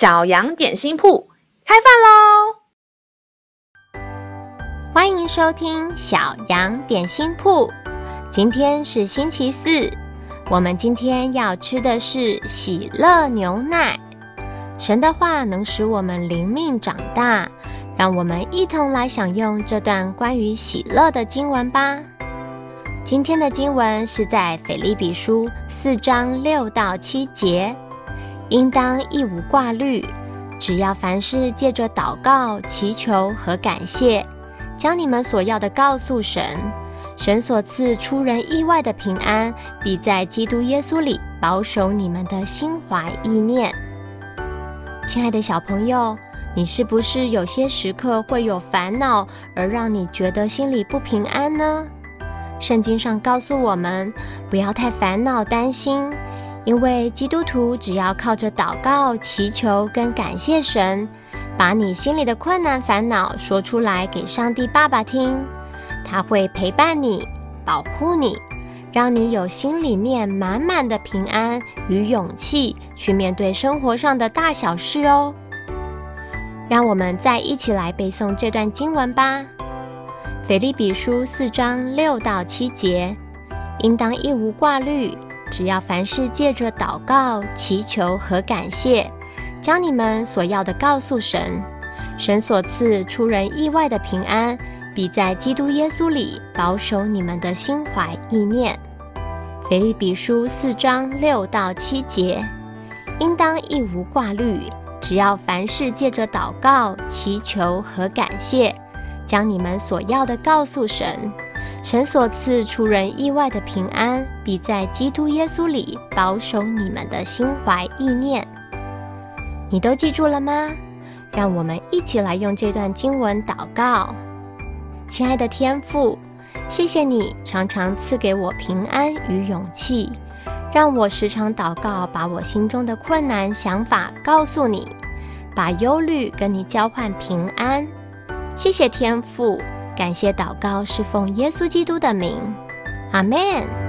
小羊點心鋪開飯嘍！歡迎收聽小羊點心鋪。今天是星期四，我們今天要吃的是喜樂牛奶。神的話能使我們靈命長大，讓我們一同來享用這段關於喜樂的經文吧。今天的經文是在腓立比書四章六到七節。應當一無掛慮，只要凡事借着禱告、祈求和感謝，將你們所要的告訴神，神所賜出人意外的平安，必在基督耶穌裡保守你們的心懷意念。親愛的小朋友，你是不是有些時刻會有煩惱，而讓你覺得心裡不平安呢？聖經上告訴我們，不要太煩惱、擔心。因為基督徒只要靠着禱告、祈求跟感謝神，把你心裡的困難、煩惱說出來給上帝爸爸聽，他會陪伴你、保護你，讓你有心裡面滿滿的平安與勇氣去面對生活上的大小事哦。讓我們再一起來背誦這段經文吧，《腓立比書》四章六到七節，應當一無掛慮。只要凡事借着禱告、祈求和感謝，將你們所要的告訴神，神所賜出人意外的平安，必在基督耶穌裡保守你們的心懷意念。腓立比書四章六到七節，應當一無掛慮。只要凡事借着禱告、祈求和感謝，將你們所要的告訴神。神所賜出人意外的平安，必在基督耶穌裡保守你們的心懷意念。你都記住了嗎？讓我們一起來用這段經文禱告。親愛的天父，謝謝你常常賜給我平安與勇氣，讓我時常禱告，把我心中的困難想法告訴你，把憂慮跟你交換平安。謝謝天父。感謝禱告是奉耶穌基督的名，阿門。